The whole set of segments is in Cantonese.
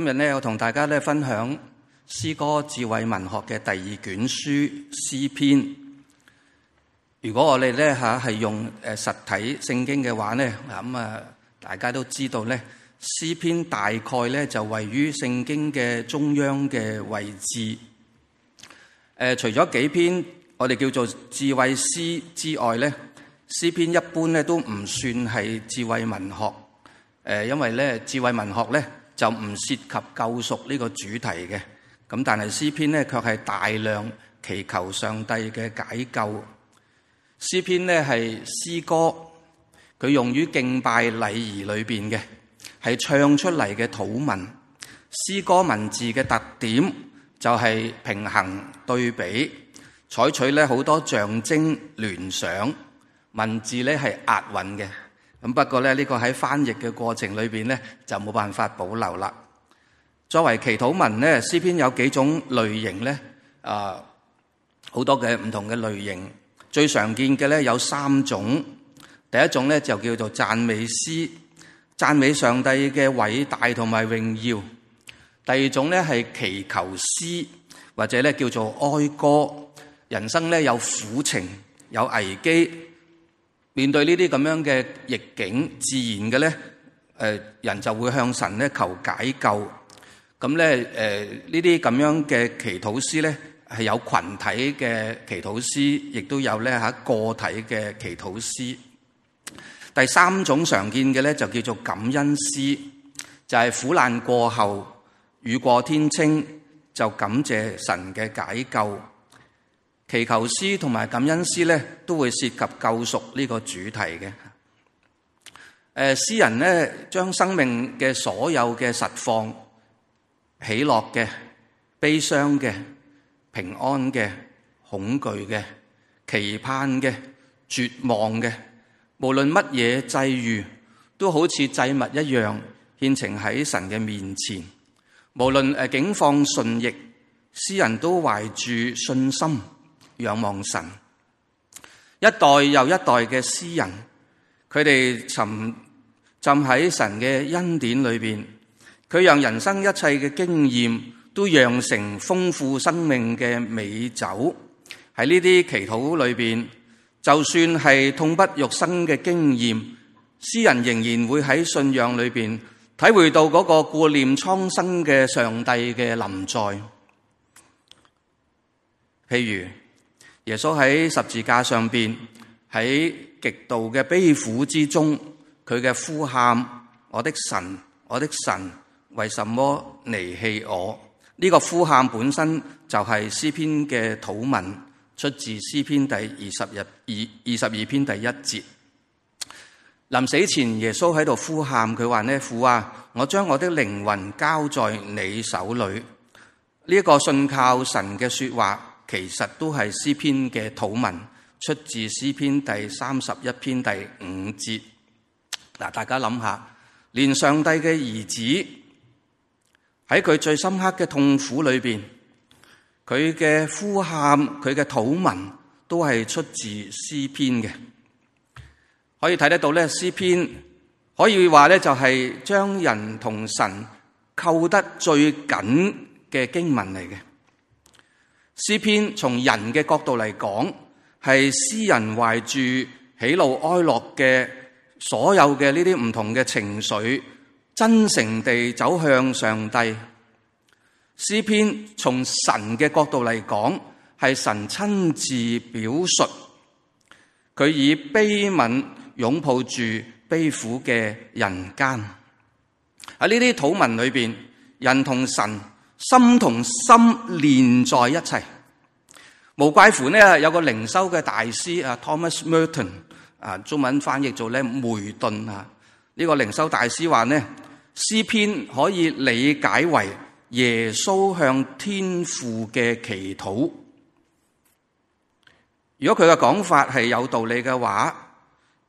今日咧，我同大家咧分享詩歌智慧文學嘅第二卷書《詩篇》。如果我哋咧吓係用誒實體聖經嘅話咧，咁啊大家都知道咧，《詩篇》大概咧就位於聖經嘅中央嘅位置。誒，除咗幾篇我哋叫做智慧詩之外咧，《詩篇》一般咧都唔算係智慧文學。誒，因為咧智慧文學咧。就唔涉及救贖呢個主題嘅，咁但係詩篇咧卻係大量祈求上帝嘅解救。詩篇咧係詩歌，佢用於敬拜禮儀裏邊嘅，係唱出嚟嘅禱文。詩歌文字嘅特點就係平行對比，採取咧好多象徵聯想，文字咧係押韻嘅。咁不過咧，呢個喺翻譯嘅過程裏面咧，就冇辦法保留啦。作為祈禱文咧，詩篇有幾種類型咧，啊，好多嘅唔同嘅類型。最常見嘅咧有三種，第一種咧就叫做讚美詩，讚美上帝嘅偉大同埋榮耀。第二種咧係祈求詩，或者咧叫做哀歌。人生咧有苦情，有危機。面對呢啲咁樣嘅逆境，自然嘅咧，誒人就會向神咧求解救。咁咧，誒呢啲咁樣嘅祈禱詩咧，係有群體嘅祈禱詩，亦都有咧嚇個體嘅祈禱詩。第三種常見嘅咧，就叫做感恩詩，就係、是、苦難過後雨過天青，就感謝神嘅解救。祈求詩同埋感恩詩咧，都會涉及救贖呢個主題嘅。誒，詩人咧將生命嘅所有嘅實況、喜樂嘅、悲傷嘅、平安嘅、恐懼嘅、期盼嘅、絕望嘅，無論乜嘢際遇，都好似祭物一樣獻呈喺神嘅面前。無論誒境況順逆，詩人都懷住信心。仰望神，一代又一代嘅詩人，佢哋沉浸喺神嘅恩典裏邊，佢讓人生一切嘅經驗都釀成豐富生命嘅美酒。喺呢啲祈禱裏邊，就算係痛不欲生嘅經驗，詩人仍然會喺信仰裏邊體會到嗰個顧念蒼生嘅上帝嘅臨在。譬如，耶穌喺十字架上邊，喺極度嘅悲苦之中，佢嘅呼喊：我的神，我的神，為什麼離棄我？呢個呼喊本身就係詩篇嘅禱文，出自詩篇第二十日二二十二篇第一節。臨死前耶穌喺度呼喊，佢話呢，父啊，我將我的靈魂交在你手裏。呢個信靠神嘅說話。其實都係詩篇嘅禱文，出自詩篇第三十一篇第五節。嗱，大家諗下，連上帝嘅兒子喺佢最深刻嘅痛苦裏邊，佢嘅呼喊、佢嘅禱文，都係出自詩篇嘅。可以睇得到咧，詩篇可以話咧，就係將人同神扣得最緊嘅經文嚟嘅。詩篇從人嘅角度嚟講，係詩人懷住喜怒哀樂嘅所有嘅呢啲唔同嘅情緒，真誠地走向上帝。詩篇從神嘅角度嚟講，係神親自表述，佢以悲憫擁抱住悲苦嘅人間。喺呢啲禱文裏面，人同神。心同心連在一齊，無怪乎呢，有個靈修嘅大師啊，Thomas Merton 啊，中文翻譯做呢梅頓啊，呢、這個靈修大師話呢，詩篇可以理解為耶穌向天父嘅祈禱。如果佢嘅講法係有道理嘅話，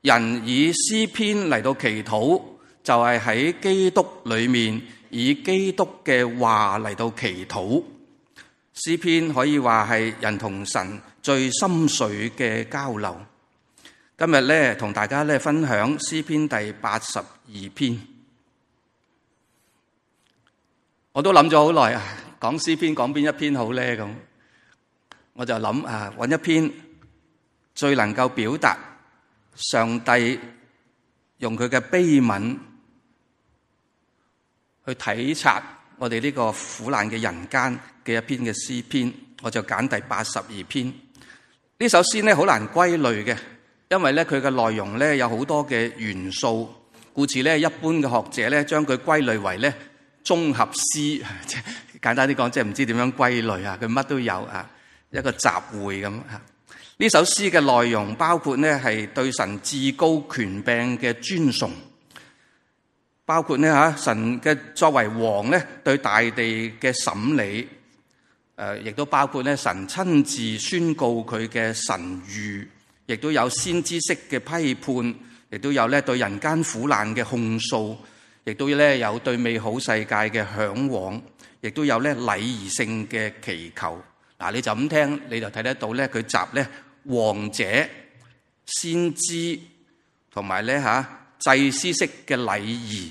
人以詩篇嚟到祈禱，就係、是、喺基督裏面。以基督嘅話嚟到祈禱，詩篇可以話係人同神最深邃嘅交流。今日呢，同大家呢分享詩篇第八十二篇。我都諗咗好耐，講詩篇講邊一篇好呢？噉我就諗，啊，揾一篇最能夠表達上帝用佢嘅悲憫。去體察我哋呢個苦難嘅人間嘅一篇嘅詩篇，我就揀第八十二篇。呢首詩咧好難歸類嘅，因為咧佢嘅內容咧有好多嘅元素，故此咧一般嘅學者咧將佢歸類為咧綜合詩。簡單啲講，即係唔知點樣歸類啊，佢乜都有啊，一個集會咁。呢首詩嘅內容包括呢，係對神至高權柄嘅尊崇。包括呢，吓神嘅作為王咧對大地嘅審理，誒亦都包括咧神親自宣告佢嘅神諭，亦都有先知式嘅批判，亦都有咧對人間苦難嘅控訴，亦都咧有對美好世界嘅向往，亦都有咧禮儀性嘅祈求。嗱，你就咁聽你就睇得到咧，佢集咧王者、先知同埋咧吓祭司式嘅禮儀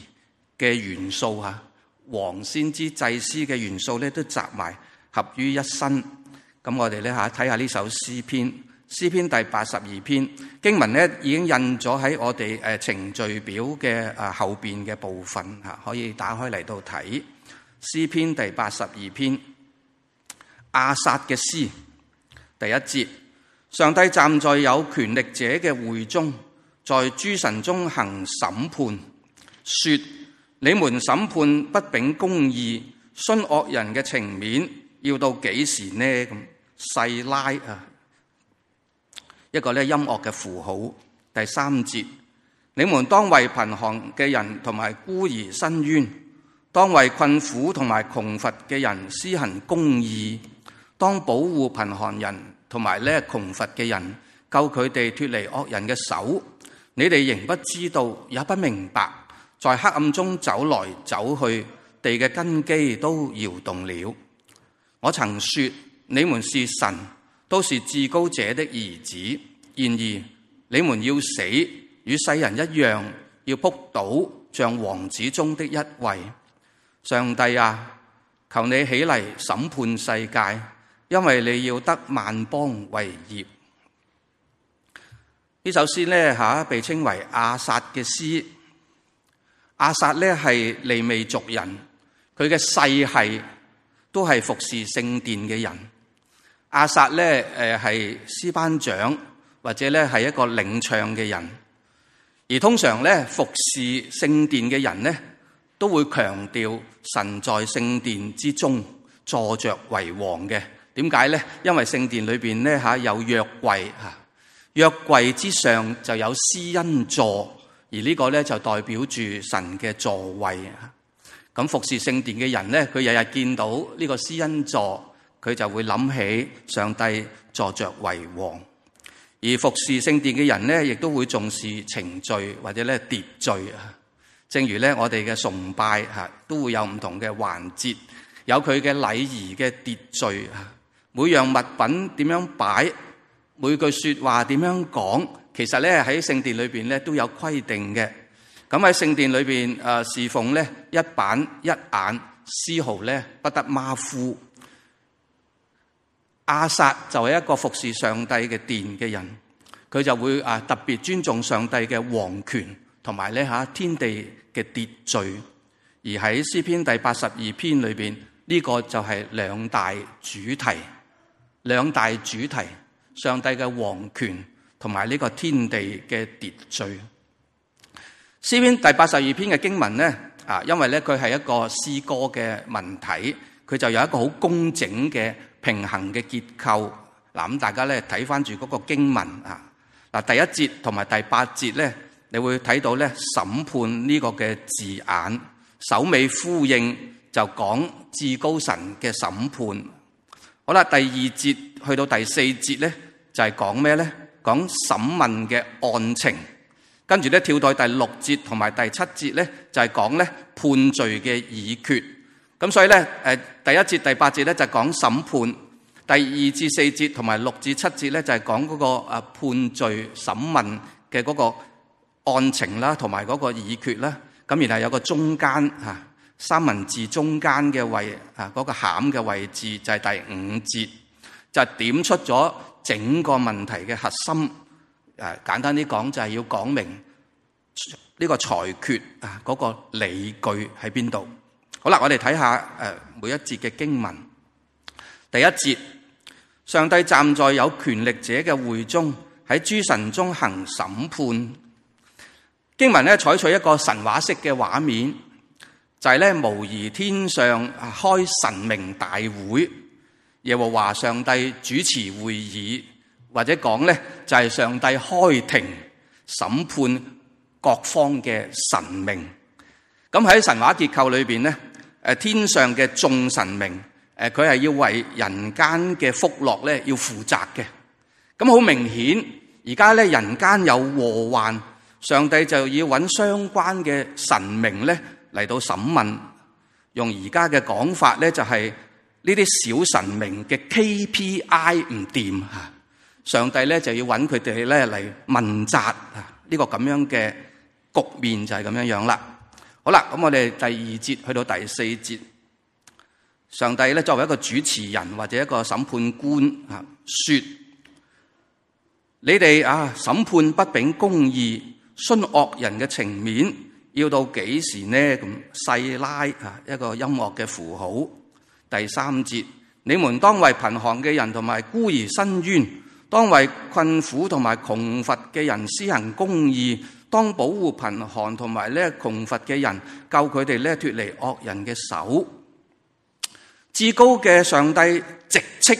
嘅元素吓，王先知、祭司嘅元素咧，都集埋合於一身。咁我哋咧吓睇下呢首詩篇，詩篇第八十二篇經文咧已經印咗喺我哋誒程序表嘅誒後邊嘅部分吓，可以打開嚟到睇詩篇第八十二篇阿薩嘅詩第一節，上帝站在有權力者嘅會中，在諸神中行審判，說你們審判不秉公義，徇惡人嘅情面，要到幾時呢？咁細拉啊，一個音樂嘅符號。第三節，你們當為貧寒嘅人同埋孤兒伸冤，當為困苦同埋窮乏嘅人施行公義，當保護貧寒人同埋咧窮乏嘅人，救佢哋脫離惡人嘅手。你哋仍不知道，也不明白。在黑暗中走來走去，地嘅根基都搖動了。我曾說你們是神，都是至高者的兒子。然而你們要死，與世人一樣，要仆倒，像王子中的一位。上帝啊，求你起嚟審判世界，因為你要得萬邦為業。呢首詩呢，吓，被稱為亞薩嘅詩。亞薩咧係利未族人，佢嘅世系都係服侍聖殿嘅人。亞薩咧，誒係司班長或者咧，係一個領唱嘅人。而通常咧服侍聖殿嘅人咧，都會強調神在聖殿之中坐着為王嘅。點解咧？因為聖殿裏面咧嚇有約櫃嚇，約櫃之上就有施恩座。而呢個咧就代表住神嘅座位，咁服侍聖殿嘅人咧，佢日日見到呢個施恩座，佢就會諗起上帝坐着為王。而服侍聖殿嘅人咧，亦都會重視程序或者咧秩序啊。正如咧我哋嘅崇拜都會有唔同嘅環節，有佢嘅禮儀嘅秩序啊，每樣物品點樣擺，每句說話點樣講。其實咧喺聖殿裏面咧都有規定嘅，咁喺聖殿裏面，侍奉咧一板一眼，絲毫咧不得馬虎。亞薩就係一個服侍上帝嘅殿嘅人，佢就會特別尊重上帝嘅皇權，同埋咧吓天地嘅秩序。而喺詩篇第八十二篇裏面，呢個就係兩大主題，兩大主題上帝嘅皇權。同埋呢個天地嘅秩序，《詩篇》第八十二篇嘅經文咧啊，因為咧佢係一個詩歌嘅文體，佢就有一個好工整嘅平衡嘅結構嗱。咁大家咧睇翻住嗰個經文啊嗱，第一節同埋第八節咧，你會睇到咧審判呢個嘅字眼，首尾呼應就講至高神嘅審判。好啦，第二節去到第四節咧，就係講咩咧？講審問嘅案情，跟住咧跳到第六節同埋第七節咧，就係講咧判罪嘅議決。咁所以咧，誒第一節第八節咧就係講審判，第二至四節同埋六至七節咧就係講嗰個判罪審問嘅嗰個案情啦，同埋嗰個議決啦。咁然後有個中間嚇三文治中間嘅位嚇嗰、嗰個餡嘅位置就係第五節，就係、係、點出咗。整個問題嘅核心，簡單啲講，就係要講明呢個裁決啊嗰個理據喺邊度。好啦，我哋睇下每一節嘅經文。第一節，上帝站在有權力者嘅會中，喺諸神中行審判。經文咧採取一個神話式嘅畫面，就係咧模擬天上開神明大會。耶和華上帝主持會議，或者講咧就係上帝開庭審判各方嘅神明。咁喺神話結構裏邊咧，誒天上嘅眾神明，誒佢係要為人間嘅福樂咧要負責嘅。咁好明顯，而家咧人間有禍患，上帝就要揾相關嘅神明咧嚟到審問。用而家嘅講法咧就係，呢啲小神明嘅 KPI 唔掂吓，上帝咧就要揾佢哋咧嚟問責啊！呢個咁樣嘅局面就係咁樣樣啦。好啦，咁我哋第二節去到第四節，上帝咧作為一個主持人或者一個審判官啊，說：你哋啊審判不秉公義，徇惡人嘅情面，要到幾時呢？咁細拉啊，一個音樂嘅符號。第三節，你們當為貧寒嘅人同埋孤兒伸冤，當為困苦同埋窮乏嘅人施行公義，當保護貧寒同埋咧窮乏嘅人，救佢哋咧脫離惡人嘅手。至高嘅上帝直斥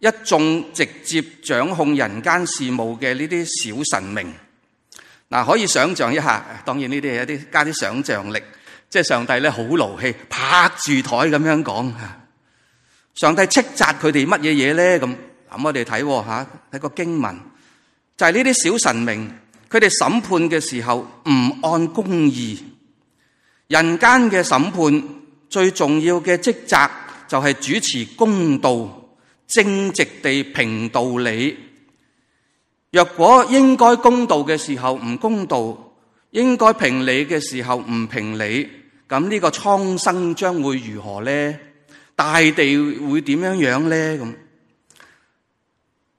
一眾直接掌控人間事務嘅呢啲小神明，嗱，可以想象一下，當然呢啲係一啲加啲想象力。即係上帝咧，好勞氣，拍住台咁樣講。上帝斥責佢哋乜嘢嘢咧？咁，咁我哋睇吓，睇個經文就係呢啲小神明，佢哋審判嘅時候唔按公義，人間嘅審判最重要嘅職責就係主持公道，正直地評道理。若果應該公道嘅時候唔公道，應該評理嘅時候唔評理。咁呢個蒼生將會如何咧？大地會點樣樣咧？咁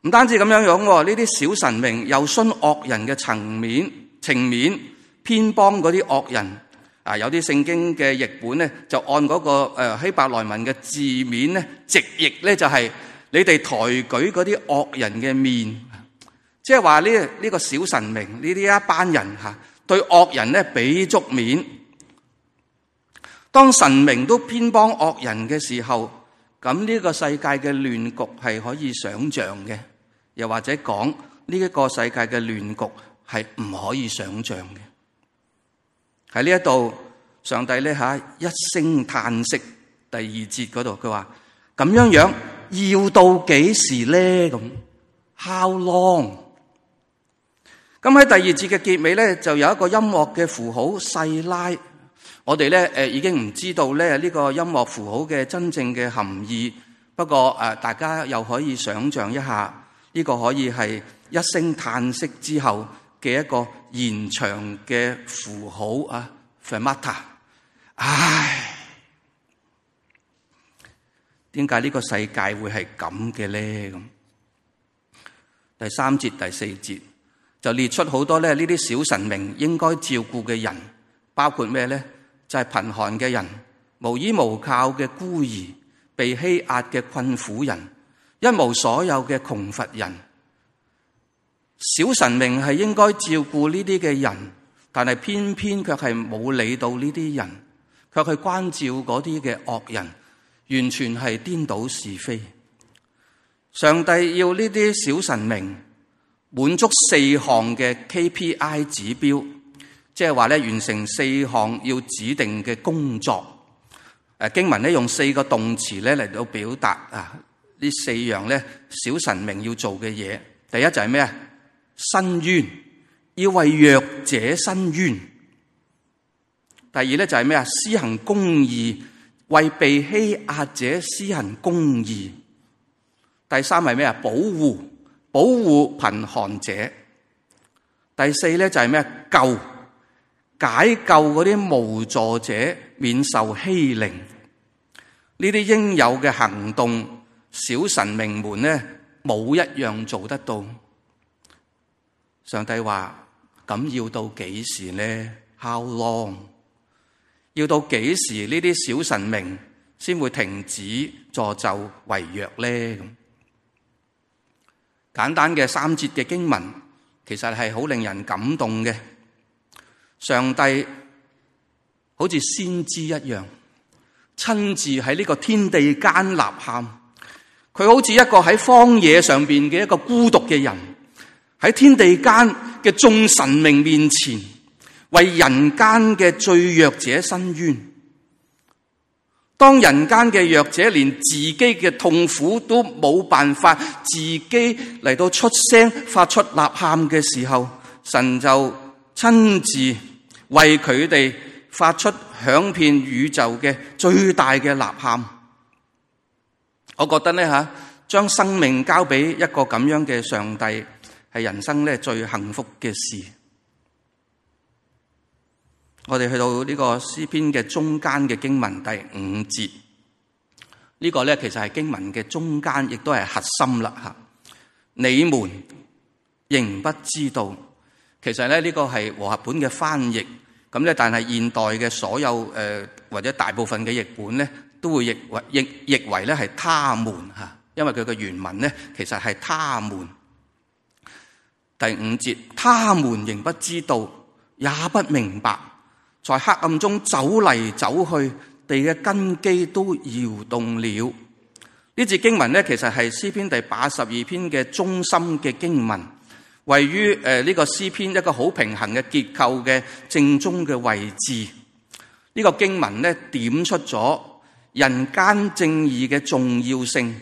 唔單止咁樣樣喎，呢啲小神明又信惡人嘅層面、情面，偏幫嗰啲惡人。啊，有啲聖經嘅譯本咧，就按嗰個誒希伯來文嘅字面咧，直譯咧就係你哋抬舉嗰啲惡人嘅面，即係話呢呢個小神明呢啲一班人吓，對惡人咧俾足面。當神明都偏幫惡人嘅時候，咁呢個世界嘅亂局係可以想象嘅，又或者講呢一個世界嘅亂局係唔可以想象嘅。喺呢一度，上帝咧吓一聲嘆息，第二節嗰度佢話咁樣樣要到幾時咧？咁 How long？咁喺第二節嘅結尾咧，就有一個音樂嘅符號細拉。我哋咧，已經唔知道咧呢個音樂符號嘅真正嘅含義。不過大家又可以想象一下，呢個可以係一聲嘆息之後嘅一個延長嘅符號啊。Fermata，哎，唉，點解呢個世界會係咁嘅咧？咁第三節第四節就列出好多咧，呢啲小神明應該照顧嘅人，包括咩咧？就係貧寒嘅人、無依無靠嘅孤兒、被欺壓嘅困苦人、一無所有嘅窮乏人，小神明係應該照顧呢啲嘅人，但係偏偏卻係冇理到呢啲人，卻去關照嗰啲嘅惡人，完全係顛倒是非。上帝要呢啲小神明滿足四項嘅 KPI 指標。即係話咧，完成四項要指定嘅工作。誒經文咧用四個動詞咧嚟到表達啊，呢四樣咧小神明要做嘅嘢。第一就係咩啊？伸冤，要為弱者伸冤。第二咧就係咩啊？施行公義，為被欺壓者施行公義。第三係咩啊？保護，保護貧寒者。第四咧就係咩啊？救。解救嗰啲無助者免受欺凌，呢啲應有嘅行動，小神明們呢冇一樣做得到。上帝話：咁要到幾時呢 How long？要到幾時呢啲小神明先會停止助紂為虐呢？咁簡單嘅三節嘅經文，其實係好令人感動嘅。上帝好似先知一樣，親自喺呢個天地間吶喊。佢好似一個喺荒野上邊嘅一個孤獨嘅人，喺天地間嘅眾神明面前，為人間嘅最弱者申冤。當人間嘅弱者連自己嘅痛苦都冇辦法自己嚟到出聲發出吶喊嘅時候，神就親自。為佢哋發出響遍宇宙嘅最大嘅吶喊，我覺得呢，吓，將生命交俾一個咁樣嘅上帝，係人生咧最幸福嘅事。我哋去到呢個詩篇嘅中間嘅經文第五節，呢個咧其實係經文嘅中間，亦都係核心啦吓。你們仍不知道，其實咧呢個係和合本嘅翻譯。咁咧，但係現代嘅所有誒、呃、或者大部分嘅譯本咧，都會譯為譯譯為咧係他們，因為佢嘅原文咧其實係他們。第五節，他們仍不知道，也不明白，在黑暗中走嚟走去，地嘅根基都搖動了。呢節經文咧，其實係詩篇第八十二篇嘅中心嘅經文。位於誒呢個詩篇一個好平衡嘅結構嘅正中嘅位置，呢個經文咧點出咗人間正義嘅重要性，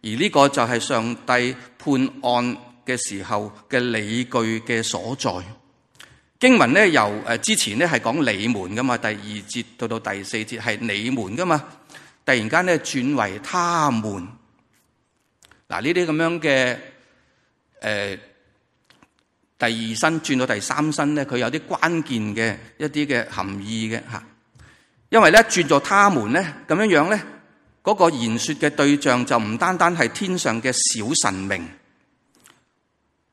而呢個就係上帝判案嘅時候嘅理據嘅所在。經文咧由誒之前咧係講你們㗎嘛，第二節到到第四節係你們㗎嘛，突然間咧轉為他們。嗱，呢啲咁樣嘅誒。呃第二身轉到第三身咧，佢有啲關鍵嘅一啲嘅含義嘅嚇，因為咧轉咗他們咧咁樣樣咧，嗰個言説嘅對象就唔單單係天上嘅小神明，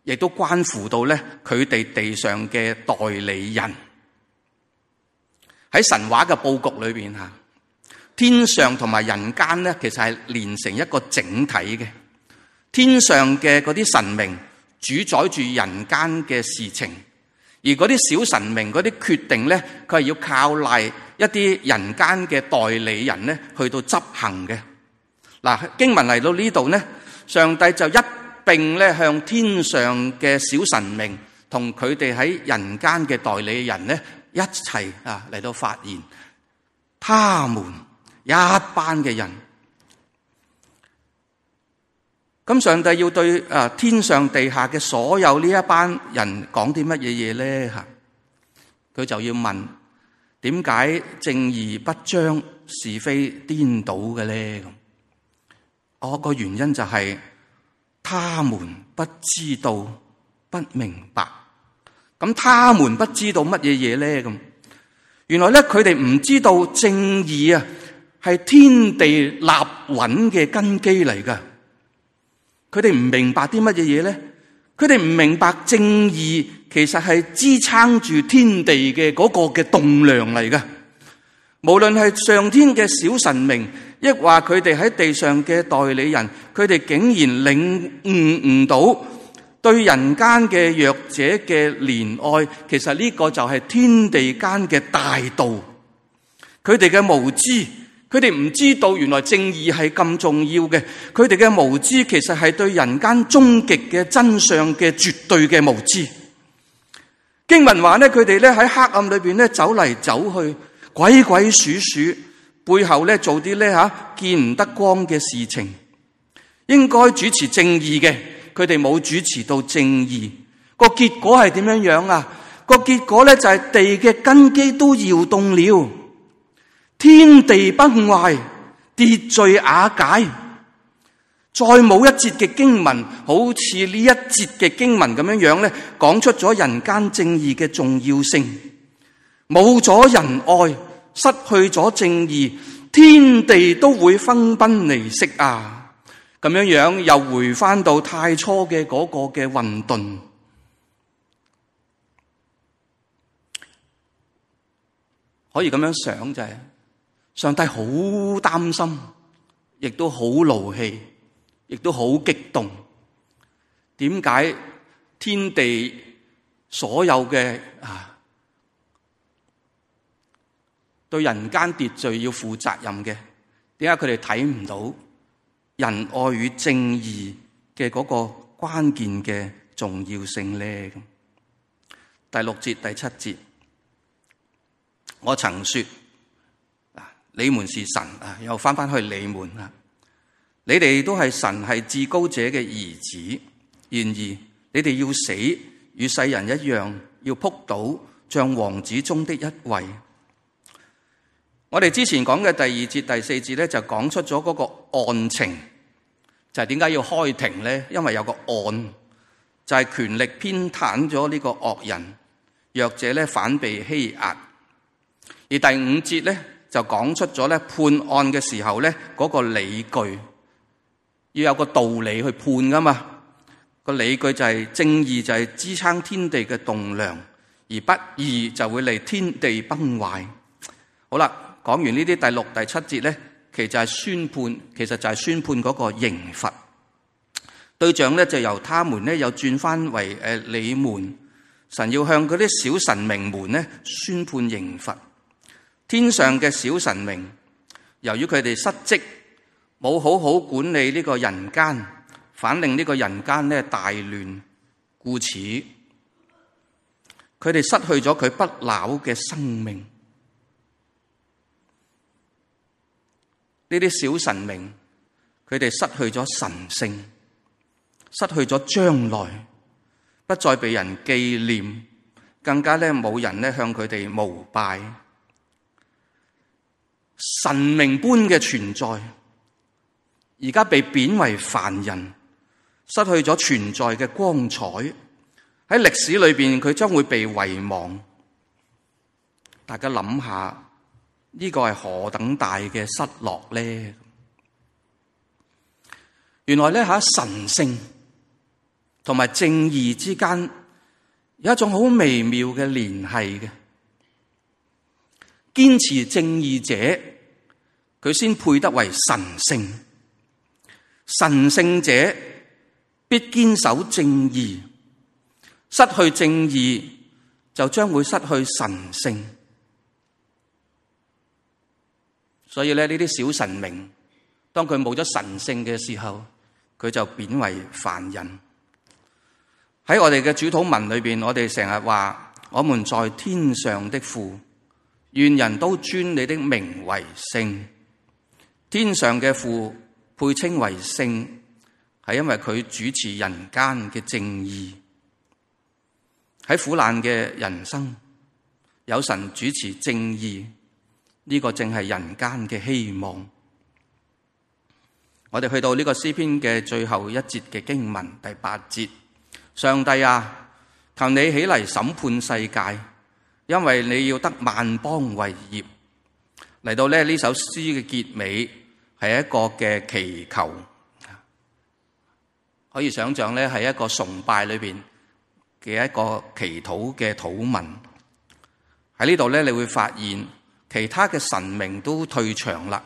亦都關乎到咧佢哋地上嘅代理人喺神話嘅佈局裏面嚇，天上同埋人間咧其實係連成一個整體嘅，天上嘅嗰啲神明。主宰住人間嘅事情，而嗰啲小神明嗰啲決定咧，佢係要靠賴一啲人間嘅代理人咧去到執行嘅。嗱，經文嚟到呢度咧，上帝就一併咧向天上嘅小神明同佢哋喺人間嘅代理人咧一齊啊嚟到發言，他們一班嘅人。咁，上帝要對誒天上地下嘅所有一呢一班人講啲乜嘢嘢咧？吓，佢就要問點解正義不彰，是非顛倒嘅咧？咁我個原因就係、是、他們不知道、不明白。咁，他們不知道乜嘢嘢咧？咁原來咧，佢哋唔知道正義啊，係天地立穩嘅根基嚟噶。佢哋唔明白啲乜嘢嘢咧？佢哋唔明白正義其實係支撐住天地嘅嗰個嘅棟樑嚟噶。無論係上天嘅小神明，抑或佢哋喺地上嘅代理人，佢哋竟然領悟唔到對人間嘅弱者嘅憐愛，其實呢個就係天地間嘅大道。佢哋嘅無知。佢哋唔知道原來正義係咁重要嘅，佢哋嘅無知其實係對人間終極嘅真相嘅絕對嘅無知。經文話咧，佢哋咧喺黑暗裏邊咧走嚟走去，鬼鬼祟祟，背後咧做啲咧吓見唔得光嘅事情。應該主持正義嘅，佢哋冇主持到正義，個結果係點樣樣啊？個結果咧就係地嘅根基都搖動了。天地崩壞，秩序瓦解，再冇一節嘅經文，好似呢一節嘅經文咁樣樣咧，講出咗人間正義嘅重要性。冇咗仁愛，失去咗正義，天地都會分崩離析啊！咁樣樣又回翻到太初嘅嗰個嘅混沌，可以咁樣想就係、是。上帝好擔心，亦都好勞氣，亦都好激動。點解天地所有嘅啊，對人間秩序要負責任嘅？點解佢哋睇唔到仁愛與正義嘅嗰個關鍵嘅重要性咧？第六節、第七節，我曾說。你們是神啊，又翻翻去你們啊。你哋都係神，係至高者嘅兒子，然而你哋要死，與世人一樣，要仆倒，像王子中的一位。我哋之前講嘅第二節、第四節咧，就講出咗嗰個案情，就係點解要開庭咧？因為有個案就係、是、權力偏袒咗呢個惡人，弱者咧反被欺壓。而第五節咧，就講出咗咧，判案嘅時候咧，嗰個理據，要有個道理去判㗎嘛。嗰個理據就係、是、正義，就係支撐天地嘅棟梁；而不義就會嚟天地崩壞。好啦，講完呢啲第六第七節咧，其實係宣判，其實就係宣判嗰個刑罰。對象咧，就由他們咧又轉翻為、呃、你們。神要向嗰啲小神明們咧宣判刑罰。天上嘅小神明，由於佢哋失職，冇好好管理呢個人間，反令呢個人間呢大亂，故此佢哋失去咗佢不朽嘅生命。呢啲小神明，佢哋失去咗神性，失去咗將來，不再被人紀念，更加沒冇人向佢哋膜拜。神明般嘅存在，而家被貶為凡人，失去咗存在嘅光彩。喺歷史裏邊，佢將會被遺忘。大家諗下，呢個係何等大嘅失落咧？原來咧吓，神聖同埋正義之間有一種好微妙嘅聯繫嘅。堅持正義者，佢先配得為神聖；神聖者必堅守正義，失去正義就將會失去神聖。所以咧，呢啲小神明，當佢冇咗神聖嘅時候，佢就貶為凡人。喺我哋嘅主禱文裏邊，我哋成日話，我們在天上的父。願人都尊你的名為聖，天上嘅父配稱為聖，係因為佢主持人間嘅正義。喺苦難嘅人生，有神主持正義，呢個正係人間嘅希望。我哋去到呢個詩篇嘅最後一節嘅經文第八節，上帝啊，求你起嚟審判世界。因為你要得萬邦為業。嚟到呢，呢首詩嘅結尾係一個嘅祈求，可以想象咧係一個崇拜裏邊嘅一個祈禱嘅禱文。喺呢度咧，你會發現其他嘅神明都退場啦，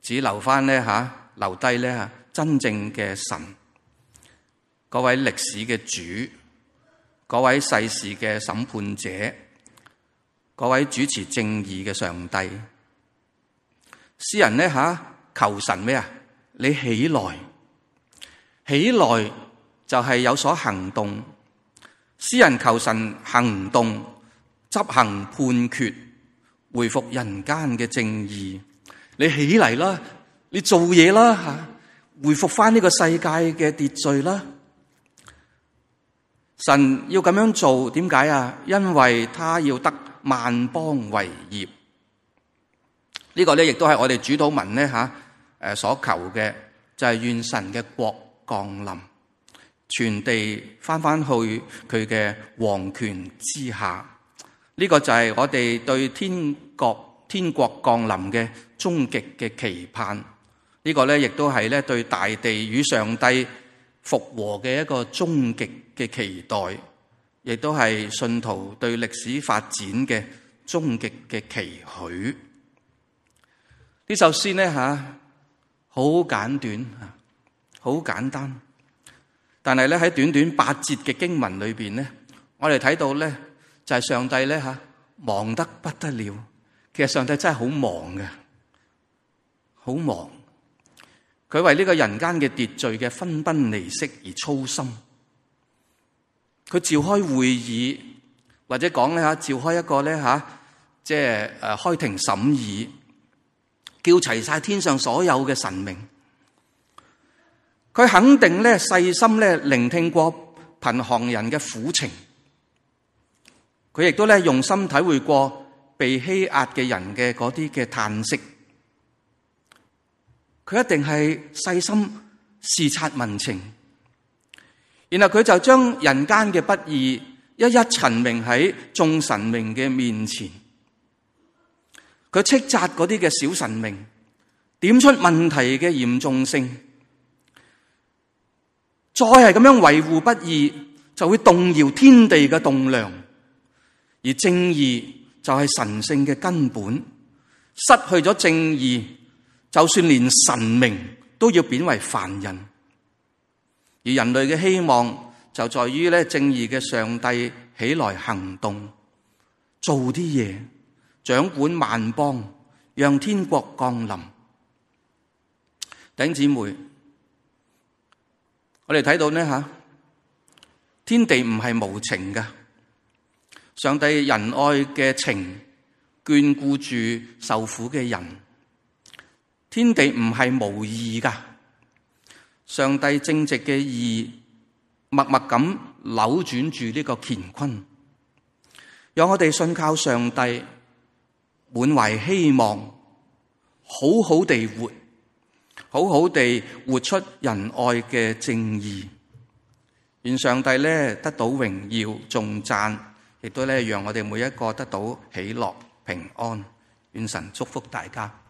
只留翻呢吓，留低呢吓，真正嘅神，各位歷史嘅主，各位世事嘅審判者，各位主持正義嘅上帝，詩人呢吓求神咩啊？你起來，起來就係有所行動。詩人求神行動，執行判決，回復人間嘅正義。你起嚟啦，你做嘢啦吓，回復翻呢個世界嘅秩序啦。神要咁樣做，點解啊？因為他要得。萬邦為業，呢、這個咧，亦都係我哋主禱文咧，吓，誒所求嘅就係、是、願神嘅國降臨，全地翻翻去佢嘅皇權之下，呢、這個就係我哋對天國天國降臨嘅終極嘅期盼，呢、這個咧亦都係咧對大地與上帝復和嘅一個終極嘅期待。亦都係信徒對歷史發展嘅終極嘅期許。呢首詩呢，吓，好簡短，好簡單。但係咧喺短短八節嘅經文裏邊呢，我哋睇到咧就係上帝咧吓忙得不得了。其實上帝真係好忙嘅，好忙。佢為呢個人間嘅秩序嘅分崩離析而操心。佢召開會議，或者講咧嚇召開一個咧嚇，即係誒開庭審議，叫齊晒天上所有嘅神明。佢肯定咧細心咧聆聽過貧寒人嘅苦情，佢亦都咧用心體會過被欺壓嘅人嘅嗰啲嘅嘆息。佢一定係細心視察民情。然後佢就將人間嘅不義一一陳明喺眾神明嘅面前，佢斥責嗰啲嘅小神明，點出問題嘅嚴重性，再係咁樣維護不義，就會動搖天地嘅棟樑，而正義就係神聖嘅根本，失去咗正義，就算連神明都要貶為凡人。而人類嘅希望就在於正義嘅上帝起來行動，做啲嘢，掌管萬邦，讓天國降臨。頂姊妹，我哋睇到呢嚇，天地唔係無情嘅。上帝仁愛嘅情眷顧住受苦嘅人，天地唔係無意嘅。上帝正直嘅義，默默咁扭轉住呢個乾坤，讓我哋信靠上帝，滿懷希望，好好地活，好好地活出仁愛嘅正義。願上帝咧得到榮耀、重讚，亦都咧讓我哋每一個得到喜樂、平安。願神祝福大家。